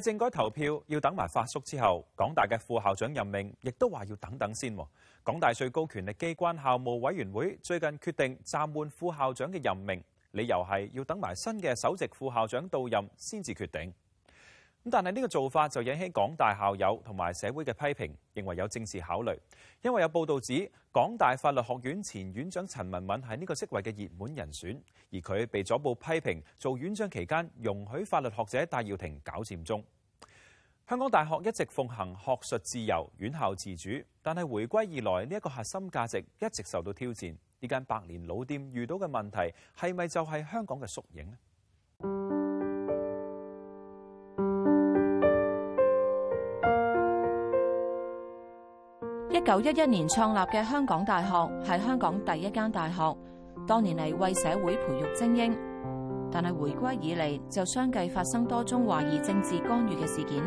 政改投票要等埋發叔之後，港大嘅副校長任命亦都話要等等先。港大最高權力機關校務委員會最近決定暫緩副校長嘅任命，理由係要等埋新嘅首席副校長到任先至決定。咁但係呢個做法就引起港大校友同埋社會嘅批評，認為有政治考慮。因為有報道指，港大法律學院前院長陳文敏係呢個職位嘅熱門人選，而佢被左報批評做院長期間容許法律學者戴耀廷搞佔中。香港大學一直奉行學術自由、院校自主，但係回歸以來呢一個核心價值一直受到挑戰。呢間百年老店遇到嘅問題，係咪就係香港嘅縮影呢？一九一一年創立嘅香港大學係香港第一間大學，多年嚟為社會培育精英。但係回歸以嚟就相繼發生多宗懷疑政治干預嘅事件。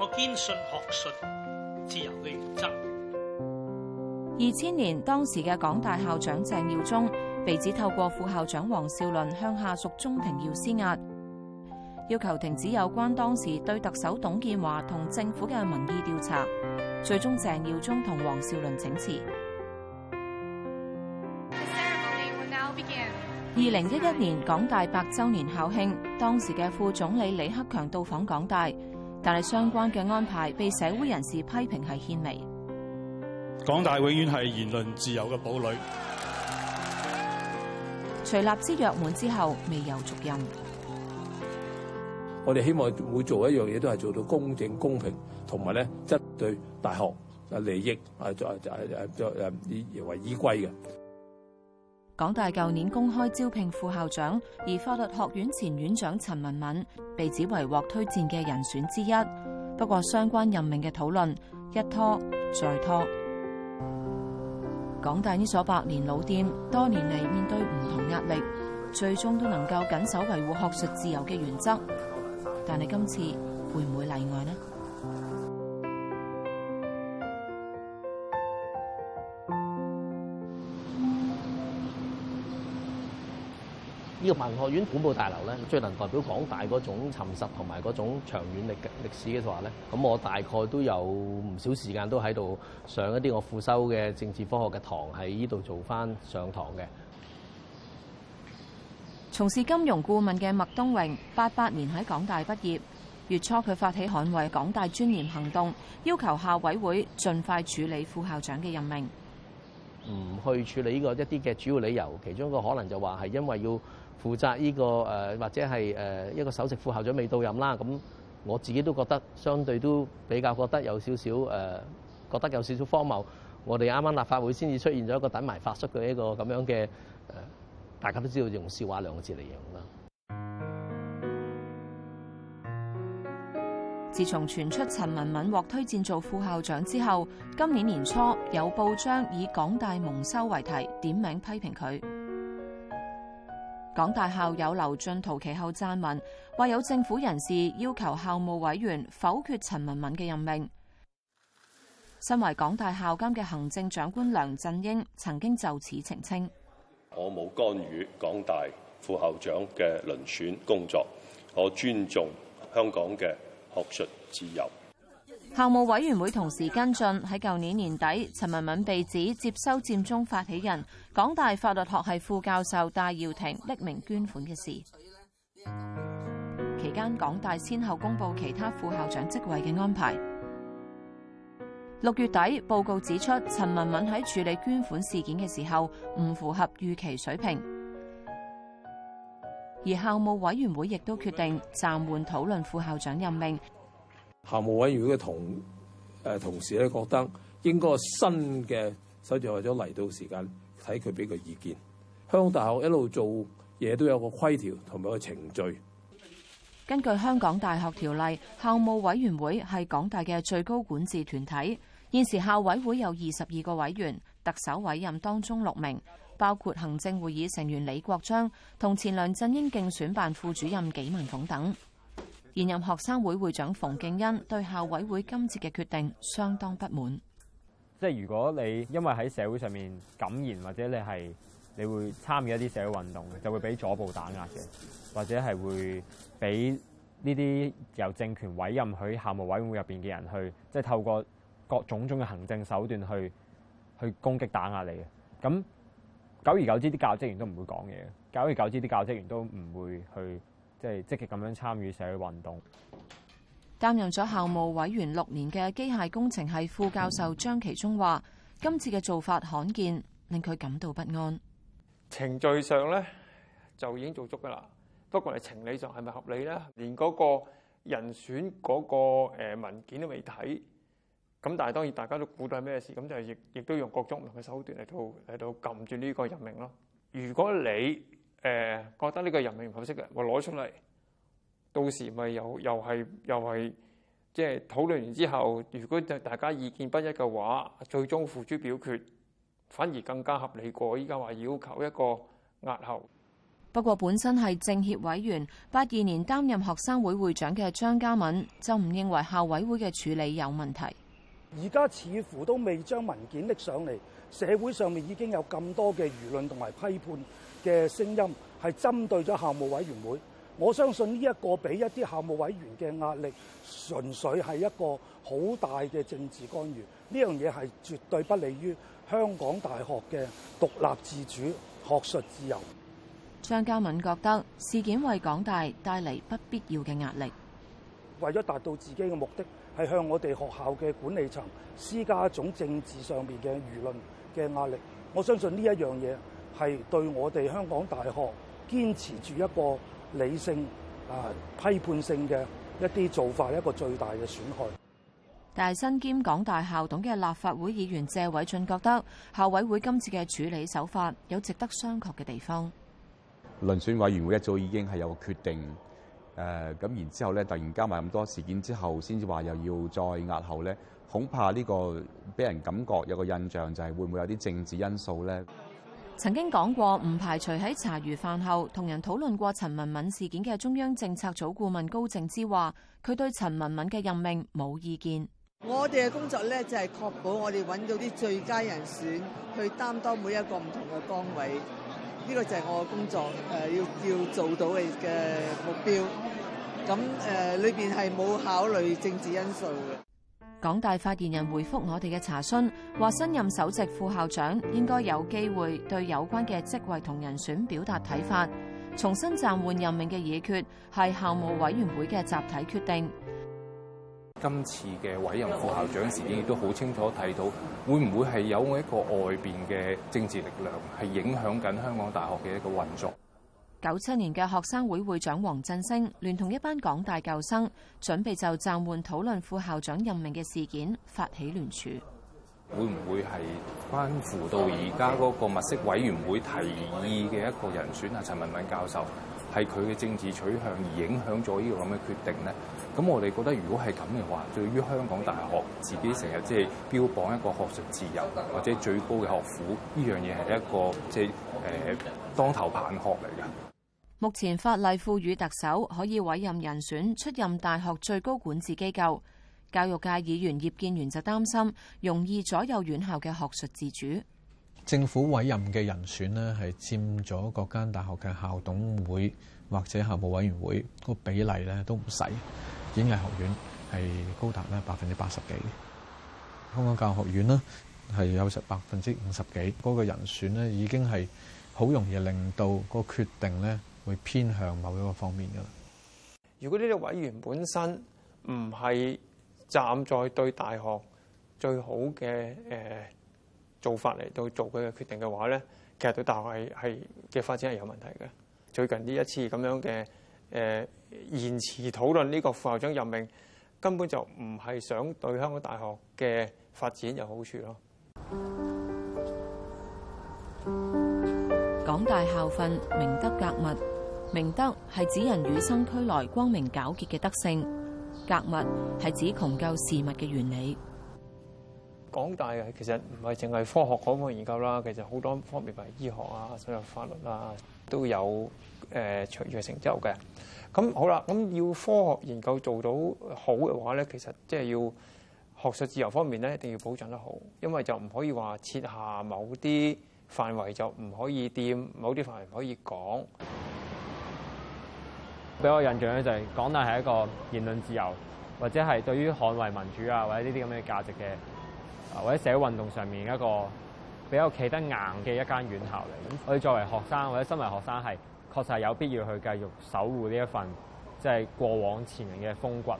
我堅信學術自由嘅原則。二千年，當時嘅港大校長鄭耀宗被指透過副校長黃紹倫向下屬鍾庭耀施壓，要求停止有關當時對特首董建華同政府嘅民意調查。最終鄭耀宗同黃紹倫請辭。二零一一年港大百周年校慶，當時嘅副總理李克強到訪港大，但係相關嘅安排被社會人士批評係獻媚。港大永遠係言論自由嘅堡壘。徐立之約滿之後，未有續任。我哋希望每做一樣嘢都係做到公正公平，同埋咧質對大學利益啊，作作以為依歸嘅港大。舊年公開招聘副校長，而法律學院前院長陳文敏被指為獲推薦嘅人選之一。不過相關任命嘅討論一拖再拖。港大呢所百年老店多年嚟面對唔同壓力，最終都能夠緊守維護學術自由嘅原則。但你今次會唔會例外呢？呢、呢個文學院本部大樓咧，最能代表港大嗰種沉實同埋嗰種長遠歷史嘅話咧，咁我大概都有唔少時間都喺度上一啲我副修嘅政治科學嘅堂，喺呢度做返上堂嘅。從事金融顧問嘅麥冬榮，八八年喺港大畢業。月初佢發起捍衞港大尊嚴行動，要求校委會盡快處理副校長嘅任命。唔去處理呢個一啲嘅主要理由，其中一個可能就話係因為要負責呢、這個誒、呃，或者係誒、呃、一個首席副校長未到任啦。咁我自己都覺得，相對都比較覺得有少少誒、呃，覺得有少少荒謬。我哋啱啱立法會先至出現咗一個等埋發叔嘅一個咁樣嘅誒。呃。大家都知道用笑話兩個字嚟形容啦。自從傳出陳文敏獲推薦做副校長之後，今年年初有報章以港大蒙羞為題點名批評佢。港大校友劉進圖其後撰文，話有政府人士要求校務委員否決陳文敏嘅任命。身為港大校監嘅行政長官梁振英曾經就此澄清。我冇干預港大副校長嘅遴選工作，我尊重香港嘅學術自由。校務委員會同時跟進喺舊年年底，陳文敏被指接收佔中發起人、港大法律學系副教授戴耀廷匿名捐款嘅事。期間，港大先後公布其他副校長職位嘅安排。六月底，報告指出陳文敏喺處理捐款事件嘅時候唔符合預期水平，而校務委員會亦都決定暫緩討論副校長任命。校務委員會嘅同誒同事咧，覺得應該新嘅，所以就為咗嚟到時間睇佢俾個意見。香港大學一路做嘢都有個規條同埋個程序。根據香港大學條例，校務委員會係港大嘅最高管治團體。現時校委會有二十二個委員，特首委任當中六名，包括行政會議成員李國章同前梁振英競選辦副主任紀文鳳等。現任學生會會長馮敬恩對校委會今次嘅決定相當不滿，即係如果你因為喺社會上面敢言，或者你係你會參與一啲社會運動嘅，就會俾左部打壓嘅，或者係會俾呢啲由政權委任去校務委員會入邊嘅人去，即係透過。各種種嘅行政手段去去攻擊打壓你嘅，咁，久而久之，啲教職員都唔會講嘢，久而久之，啲教職員都唔會去即係積極咁樣參與社會運動。擔任咗校務委員六年嘅機械工程系副教授張其中話、嗯：今次嘅做法罕見，令佢感到不安。程序上呢就已經做足㗎喇，不過你情理上係咪合理呢？連嗰個人選嗰個誒文件都未睇。咁但係當然，大家都估到係咩事咁，就係亦亦都用各種唔同嘅手段嚟到嚟到撳住呢個任命咯。如果你誒、呃、覺得呢個任命唔合適嘅，我攞出嚟到時咪又又係又係即係討論完之後，如果就大家意見不一嘅話，最終付諸表決，反而更加合理過。依家話要求一個押後，不過本身係政協委員，八二年擔任學生會會長嘅張家敏就唔認為校委會嘅處理有問題。而家似乎都未將文件拎上嚟，社會上面已經有咁多嘅輿論同埋批判嘅聲音，係針對咗校務委員會。我相信呢一個俾一啲校務委員嘅壓力，純粹係一個好大嘅政治干預。呢樣嘢係絕對不利於香港大學嘅獨立自主、學術自由。張嘉敏覺得事件為港大帶嚟不必要嘅壓力，為咗達到自己嘅目的。係向我哋學校嘅管理層施加一種政治上面嘅輿論嘅壓力。我相信呢一樣嘢係對我哋香港大學堅持住一個理性啊批判性嘅一啲做法一個最大嘅損害。但係身兼港大校董嘅立法會議員謝偉俊覺得校委會今次嘅處理手法有值得商榷嘅地方。遴、啊、選委員會一早已經係有決定。誒咁然之後咧，突然加埋咁多事件之後，先至話又要再押後咧，恐怕呢個俾人感覺有個印象就係會唔會有啲政治因素咧？曾經講過唔排除喺茶餘飯後同人討論過陳文敏事件嘅中央政策組顧問高靜之話，佢對陳文敏嘅任命冇意見，我哋嘅工作咧就係確保我哋揾到啲最佳人選去擔當每一個唔同嘅崗位。呢、這個就係我嘅工作，誒、呃、要要做到你嘅目標。咁誒裏邊係冇考慮政治因素嘅。港大發言人回覆我哋嘅查詢，話新任首席副校長應該有機會對有關嘅職位同人選表達睇法，重新暫緩任命嘅議決係校務委員會嘅集體決定。今次嘅委任副校長事件亦都好清楚睇到，會唔會係有我一個外邊嘅政治力量係影響緊香港大學嘅一個運作？九七年嘅學生會會長黃振聲聯同一班港大舊生，準備就暫緩討論副校長任命嘅事件發起聯署。會唔會係關乎到而家嗰個物色委員會提議嘅一個人選啊？陳文敏教授係佢嘅政治取向而影響咗呢個咁嘅決定咧？咁我哋覺得，如果係咁嘅話，對於香港大學自己成日即係標榜一個學術自由或者最高嘅學府，呢樣嘢係一個即係誒當頭棒喝嚟嘅。目前法例賦予特首可以委任人選出任大學最高管治機構，教育界議員葉建源就擔心容易左右院校嘅學術自主。政府委任嘅人選呢，係佔咗各間大學嘅校董會或者校務委員會，個比例咧，都唔細。演藝學院係高達咧百分之八十幾，香港教育學院呢係有成百分之五十幾，嗰、那個人選咧已經係好容易令到個決定咧會偏向某一個方面噶喇。如果呢啲委員本身唔係站在對大學最好嘅誒、呃、做法嚟到做佢嘅決定嘅話咧，其實對大學係係嘅發展係有問題嘅。最近呢一次咁樣嘅。誒，延遲討論呢個副校長任命，根本就唔係想對香港大學嘅發展有好處咯。港大校訓明德格物，明德係指人與生俱來光明皎潔嘅德性，格物係指窮究事物嘅原理。港大嘅其實唔係淨係科學嗰方面研究啦，其實好多方面，譬如醫學啊，所有法律啊。都有誒卓越成就嘅，咁好啦。咁要科學研究做到好嘅話咧，其實即係要學術自由方面咧，一定要保障得好，因為就唔可以話設下某啲範圍就唔可以掂，某啲範圍唔可以講。俾我的印象咧就係、是、港大係一個言論自由，或者係對於捍衛民主啊，或者呢啲咁嘅價值嘅，或者社會運動上面一個。比較企得硬嘅一間院校嚟，咁我哋作為學生或者身為學生，係確實係有必要去繼續守護呢一份即係過往前人嘅風骨啦。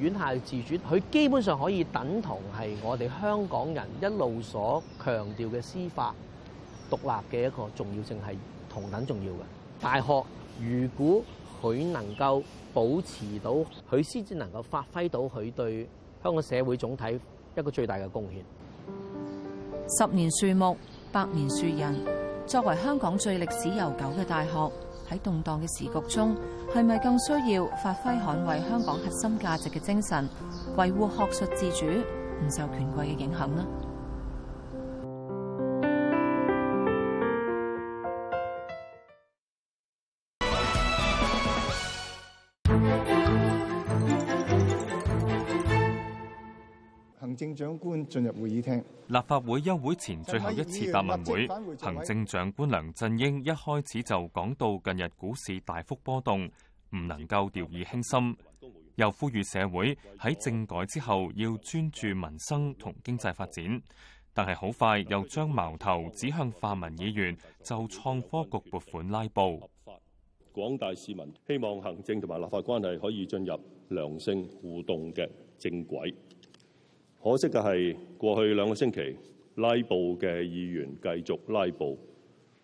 院校自主，佢基本上可以等同係我哋香港人一路所強調嘅司法獨立嘅一個重要性，係同等重要嘅大學。如果佢能夠保持到，佢先至能夠發揮到佢對香港社會總體一個最大嘅貢獻。十年樹木，百年樹人。作為香港最歷史悠久嘅大學，喺動盪嘅時局中，係咪更需要發揮捍衛香港核心價值嘅精神，維護學術自主，唔受權貴嘅影響呢？進入會議廳，立法會休會前最後一次答問會，行政長官梁振英一開始就講到近日股市大幅波動，唔能夠掉以輕心，嗯，又呼籲社會喺政改之後要專注民生同經濟發展，但係好快又將矛頭指向泛民議員就創科局撥款拉布。廣大市民希望行政同埋立法關係可以進入良性互動嘅正軌。可惜嘅係，過去兩個星期拉布嘅議員繼續拉布，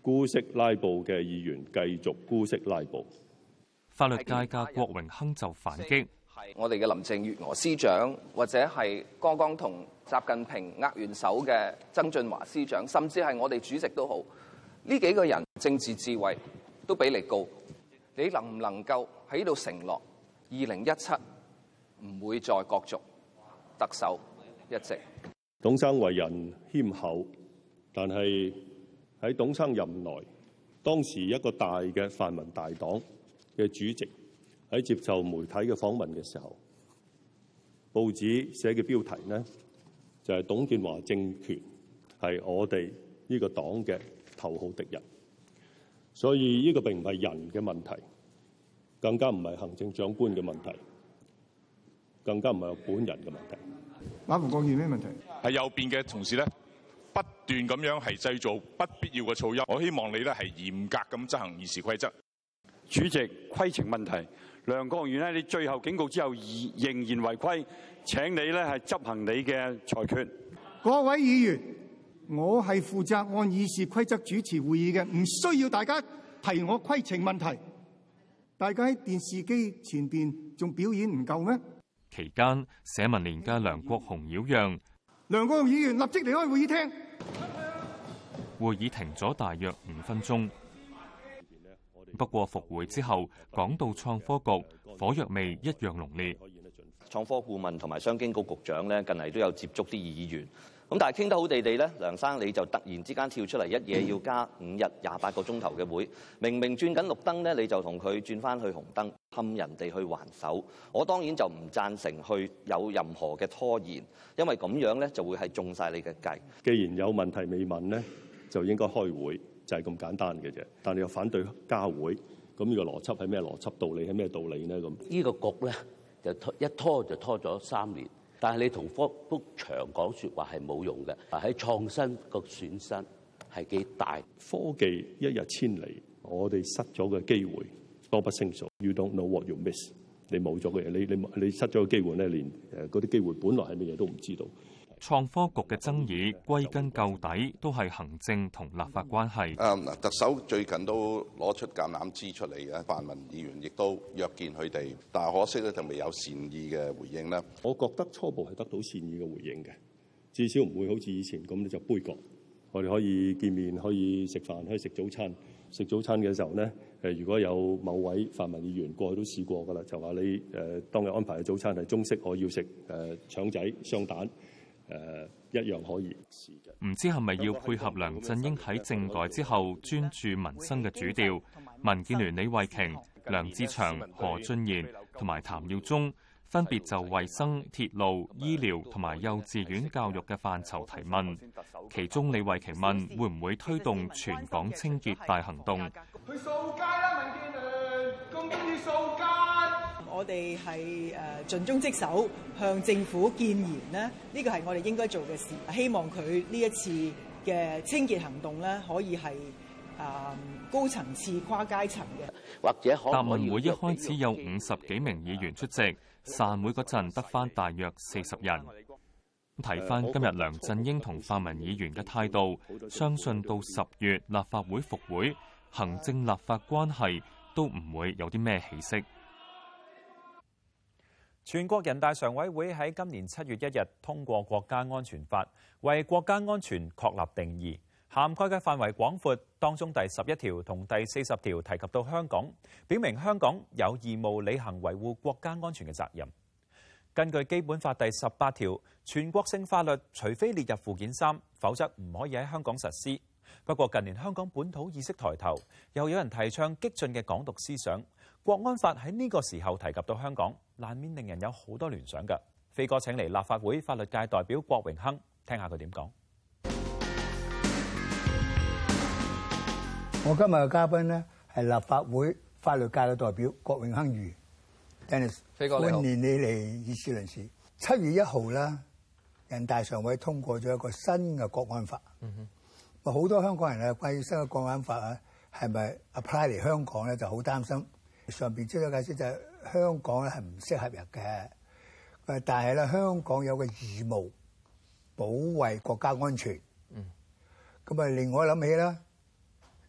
姑息拉布嘅議員繼續姑息拉布。法律界嘅郭榮鏗就反擊係我哋嘅林鄭月娥司長或者係剛剛同習近平握完手嘅曾俊華司長，甚至係我哋主席都好，呢幾個人政治智慧都比你高。你能唔能夠喺度承諾二零一七唔會再角逐特首？一直董生為人謙厚，但係喺董生任內，當時一個大嘅泛民大黨嘅主席喺接受媒體嘅訪問嘅時候，報紙寫嘅標題呢，就係董建華政權係我哋呢個黨嘅頭號敵人，所以呢個並唔係人嘅問題，更加唔係行政長官嘅問題，更加唔係本人嘅問題。馬逢幹有咩問題？係右邊嘅同事咧，不斷咁樣係製造不必要嘅噪音。我希望你咧係嚴格咁執行議事規則。主席，規程問題，梁國雄議員咧，你最後警告之後仍仍然違規，請你咧係執行你嘅裁決。各位議員，我係負責按議事規則主持會議嘅，唔需要大家提我規程問題。大家喺電視機前面仲表演唔夠咩？期間，社民連嘅梁國雄擾攘，梁國雄議員立即離開會議廳，會議停咗大約五分鐘。不過復會之後，講到創科局火藥味一樣濃烈。創科顧問同埋商經局局長呢近嚟都有接觸啲議員。咁但係傾得好地地咧，梁生你就突然之間跳出嚟一嘢，要加五日廿八個鐘頭嘅會，明明轉緊綠燈咧，你就同佢轉翻去紅燈，氹人哋去還手。我當然就唔贊成去有任何嘅拖延，因為咁樣咧就會係中晒你嘅計。既然有問題未問咧，就應該開會，就係咁簡單嘅啫。但你又反對加會，咁呢個邏輯係咩邏輯，道理係咩道理咧？咁呢個局咧就一拖就拖咗三年。但係你同科長講説話係冇用嘅，喺創新個損失係幾大。科技一日千里，我哋失咗嘅機會多不勝數。You don't know what you miss，你冇咗嘅嘢，你你你失咗個機會咧，連誒嗰啲機會本來係乜嘢都唔知道。創科局嘅爭議歸根究底都係行政同立法關係。誒嗱，特首最近都攞出橄欖枝出嚟啊！泛民議員亦都約見佢哋，但係可惜咧就未有善意嘅回應咧。我覺得初步係得到善意嘅回應嘅，至少唔會好似以前咁你就杯葛。我哋可以見面，可以食飯，可以食早餐。食早餐嘅時候咧誒，如果有某位泛民議員過去都試過噶啦，就話你誒當日安排嘅早餐係中式，我要食誒、呃、腸仔雙蛋。嗯、一樣可以。唔知係咪要配合梁振英喺政改之後專注民生嘅主調？民建聯李慧瓊、梁志祥、何俊賢同埋譚耀宗分別就衞生、鐵路、醫療同埋幼稚園教育嘅範疇提問。其中李慧瓊問會唔會推動全港清潔大行動？去掃街啦！民建聯，今年要我哋係誒盡忠職守，向政府建言咧，呢個係我哋應該做嘅事。希望佢呢一次嘅清潔行動咧，可以係啊高層次跨階層的、跨階層嘅。答問會一開始有五十幾名議員出席，散會嗰陣得翻大約四十人。提翻今日梁振英同泛民議員嘅態度，相信到十月立法會復會，行政立法關係都唔會有啲咩起色。全國人大常委會喺今年七月一日通過《國家安全法》，為國家安全確立定義，涵蓋嘅範圍廣闊。當中第十一條同第四十條提及到香港，表明香港有義務履行維護國家安全嘅責任。根據《基本法》第十八條，全國性法律除非列入附件三，否則唔可以喺香港實施。不過近年香港本土意識抬頭，又有人提倡激進嘅港獨思想。國安法喺呢個時候提及到香港，難免令人有好多聯想嘅。飛哥請嚟立法會法律界代表郭榮鏗聽下佢點講。我今日嘅嘉賓呢，係立法會法律界嘅代表郭榮鏗余 Dennis 飛哥你好。本年你嚟議事論事，七月一號咧，人大常委通過咗一個新嘅國安法。嗯哼。好、mm -hmm. 多香港人啊，關於新嘅國安法啊，係咪 apply 嚟香港咧，就好擔心。上邊即係解釋就係香港咧係唔適合入嘅，誒，但係咧香港有個義務保衞國家安全。嗯。咁啊，另外諗起啦，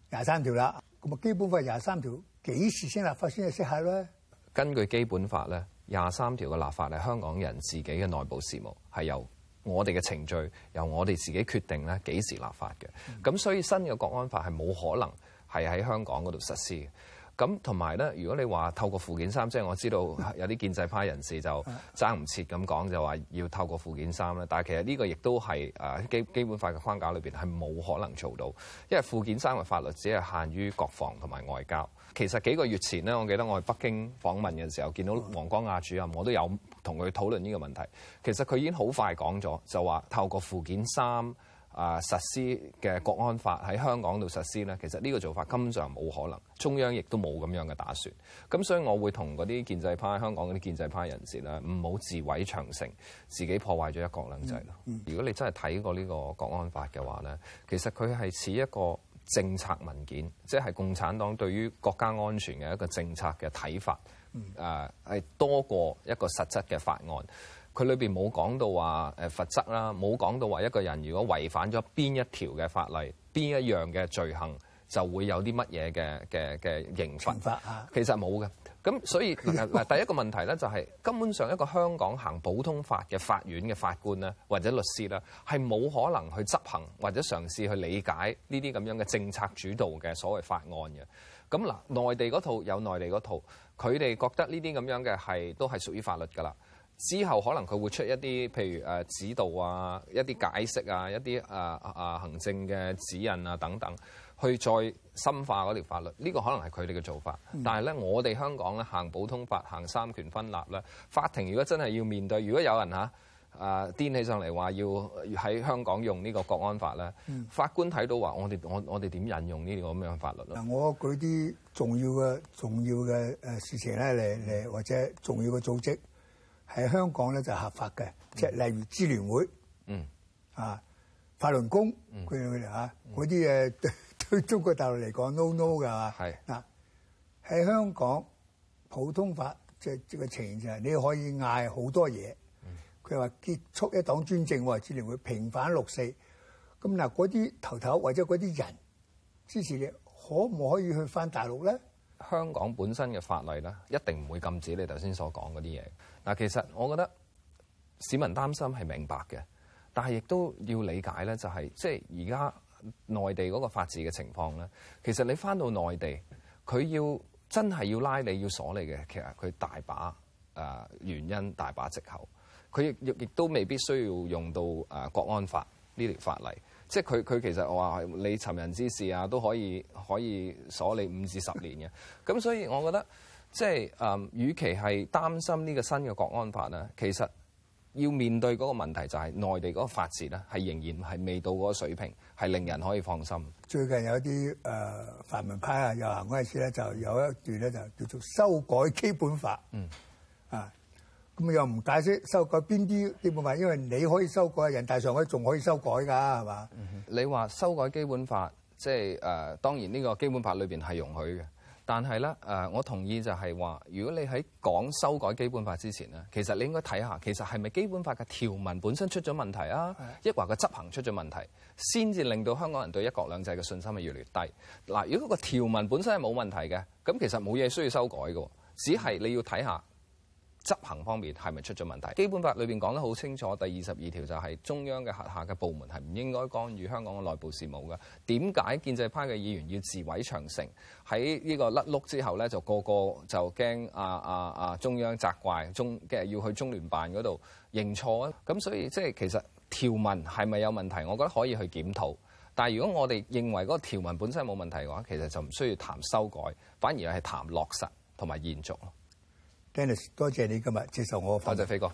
廿三條啦，咁啊，基本法廿三條幾時先立法先係適合咧？根據基本法咧，廿三條嘅立法咧，香港人自己嘅內部事務係由我哋嘅程序，由我哋自己決定咧幾時立法嘅。咁、嗯、所以新嘅國安法係冇可能係喺香港嗰度實施嘅。咁同埋咧，如果你話透過附件三，即係我知道有啲建制派人士就爭唔切咁講，就話要透過附件三啦。但係其實呢個亦都係誒，基基本法嘅框架裏面係冇可能做到，因為附件三嘅法律只係限於國防同埋外交。其實幾個月前咧，我記得我去北京訪問嘅時候，見到王光亞主任，我都有同佢討論呢個問題。其實佢已經好快講咗，就話透過附件三。啊！實施嘅國安法喺香港度實施呢，其實呢個做法根本就冇可能，中央亦都冇咁樣嘅打算。咁所以，我會同嗰啲建制派、香港嗰啲建制派人士呢，唔好自毀長城，自己破壞咗一國兩制、嗯嗯。如果你真係睇過呢個國安法嘅話呢，其實佢係似一個政策文件，即係共產黨對於國家安全嘅一個政策嘅睇法，誒、呃、係多過一個實質嘅法案。佢裏邊冇講到話誒罰則啦，冇講到話一個人如果違反咗邊一條嘅法例，邊一樣嘅罪行就會有啲乜嘢嘅嘅嘅刑罰，罰其實冇嘅。咁所以嗱第一個問題咧，就係、是、根本上一個香港行普通法嘅法院嘅法官咧，或者律師咧，係冇可能去執行或者嘗試去理解呢啲咁樣嘅政策主導嘅所謂法案嘅。咁嗱，內地嗰套有內地嗰套，佢哋覺得呢啲咁樣嘅係都係屬於法律噶啦。之後可能佢會出一啲，譬如指導啊，一啲解釋啊，一啲、啊啊、行政嘅指引啊等等，去再深化嗰條法律。呢、這個可能係佢哋嘅做法，嗯、但係咧，我哋香港咧行普通法，行三權分立，法庭如果真係要面對，如果有人啊，誒、啊、癲起上嚟話要喺香港用呢個國安法咧、嗯，法官睇到話，我哋我我哋點引用呢條咁樣法律？嗱，我舉啲重要嘅重要嘅事情咧，嚟嚟或者重要嘅組織。喺香港咧就合法嘅，即係例如支聯會，嗯啊法輪功嗰啲啊嗰啲誒對對中國大陸嚟講 no no 㗎，係嗱喺香港普通法即即、就係、個情形你可以嗌好多嘢，佢話結束一黨專政喎，支聯會平反六四，咁嗱嗰啲頭頭或者嗰啲人支持你，可唔可以去返大陸咧？香港本身嘅法例咧，一定唔會禁止你頭先所講嗰啲嘢。嗱，其實我覺得市民擔心係明白嘅，但係亦都要理解咧，就係，就係即係而家內地嗰個法治嘅情況咧。其實你翻到內地，佢要真係要拉你、要鎖你嘅，其實佢大把誒原因，大把借口，佢亦亦都未必需要用到誒國安法呢條法例。即係佢佢，其實我話你尋人之事啊，都可以可以鎖你五至十年嘅，咁 所以我覺得即係誒，與其係擔心呢個新嘅國安法咧，其實要面對嗰個問題就係內地嗰個法治咧，係仍然係未到嗰個水平，係令人可以放心。最近有啲誒泛民派啊遊行嗰陣時咧，就有一段咧就叫做修改基本法，嗯啊。咁又唔解釋修改邊啲基本法？因為你可以修改，人大常委仲可以修改㗎，係嘛？你話修改基本法，即係誒，當然呢個基本法裏邊係容許嘅。但係咧誒，我同意就係話，如果你喺講修改基本法之前咧，其實你應該睇下，其實係咪基本法嘅條文本身出咗問題啊？抑或個執行出咗問題，先至令到香港人對一國兩制嘅信心係越嚟越低。嗱，呃，如果個條文本身係冇問題嘅，咁其實冇嘢需要修改嘅，只係你要睇下。執行方面係咪出咗問題？基本法裏面講得好清楚，第二十二條就係中央嘅轄下嘅部門係唔應該干預香港嘅內部事務嘅。點解建制派嘅議員要自毀長城？喺呢個甩碌之後呢，就個個就驚啊啊啊中央責怪，中即係要去中聯辦嗰度認錯啊！咁所以即係其實條文係咪有問題？我覺得可以去檢討。但係如果我哋認為嗰個條文本身冇問題嘅話，其實就唔需要談修改，反而係談落實同埋延續咯。Dennis，多謝你今日接受我哋訪問。多謝飛哥。